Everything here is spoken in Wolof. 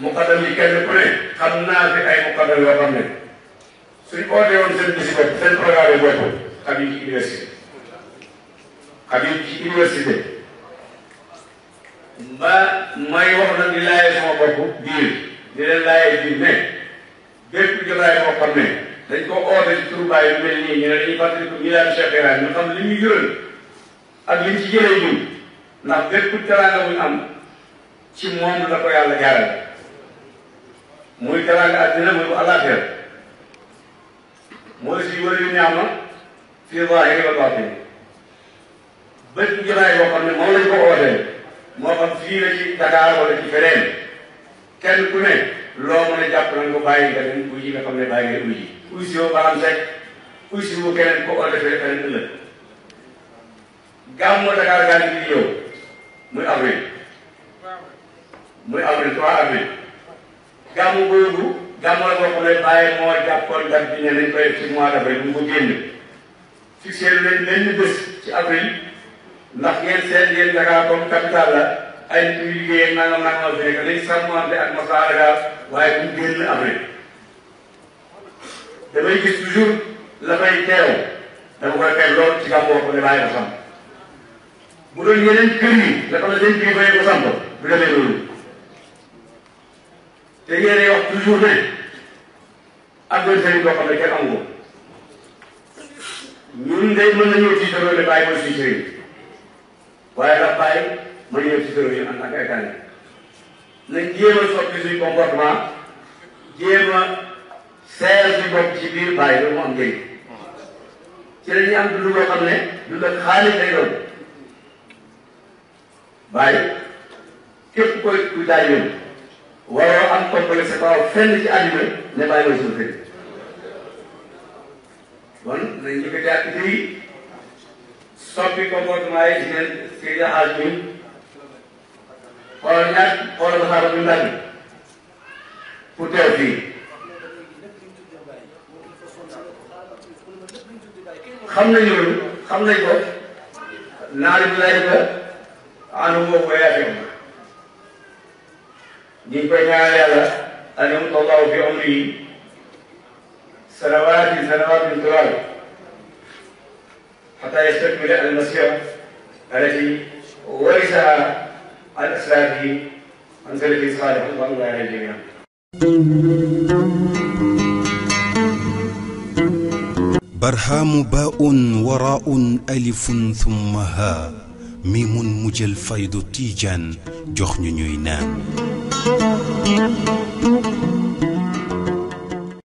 muqaddam yi kenn ku ne xam naa fi ay muqaddam yoo xam ne suñ oote woon seen bisi bopp seen programme yi bopp xajul ci université xajul ci université ba may wax nag di laajee sama bopp biir di leen laajee biir ne bépp jotaay boo xam ne dañ ko oote ci turbaay yu mel nii ñu ne dañuy fàttali ko ñu daan Cheikh Ibrahima ñu xam li ñu yëral ak liñ ci jëlee ñun ndax bépp teraanga bu ñu am ci moom la ko yàlla jaaral muy teraanga àddina muy bu àllaaxira moo si wër yu ñaama fii zaahiri wa baatini bépp jotaay ne moom lañ ko ootee moo xam fii la ci Dakar wala kenn ku loo mën a jàpp nañ ko bàyyi nga dem uy yi nga xam ne bàyyi nga uy yi uy si woo baram sec uy si woo keneen ko oote fee feneen ëllëg gàmmu Dakar gaa ngi di yow muy avril muy avril trois avril gàmmu googu gàmmu la boo xam ne bàyyi moo jàppoon date bi ne nañ koy ci mois d'avril mu ko génn fixé leen benn bés ci avril ndax ngeen seen yéen Dakar comme capital la ay nit ñu liggéeyee nangam nangam fi nekk dañ sàmmante ak masaraga waaye bu génn avril damay gis toujours la fay teew dama koy fay lool ci gàmmu boo xam ne bàyyi ko samp bu kër yi la xam ne dañ kii fay ko samp bu demee loolu te yéen wax toujours ne adversaire yi boo xam ne kenn amu ko ñun de mën nañoo tiitaroo ne bàyyi mooy suñu sëriñ waaye ndax bàyyi mën nañoo tiitaroo ñu en tant que état nañ jéem a soppi suñu comportement jéem a seer suñu bopp ci biir bàyyi loolu mu am njëriñ ci la ñuy am dund loo xam ne dund ak xaalis lay doon bàyyi képp koy kuy daaj yoon waroo am complexe kaw fenn ci àddina ne bàyyi mooy suñu kër bon nañ ñu ko jàpp ci soppi comportement yi ci leen ci jaxaas bi xool ñaar xool ba xaaral bi ndànk pour teew fii xam nañu loolu xam nañ ko naan bi lay ko anu moo ko yaatee ديبنا على أن يمضى الله في عمره سنوات سنوات طوال حتى يستكمل المسيرة التي ورثها على أسلافه عن سلفه صالح رضوان الله على الجميع. برهام باء وراء ألف ثم هاء ميم مجل فيض تيجان جخن نام ¡Gracias!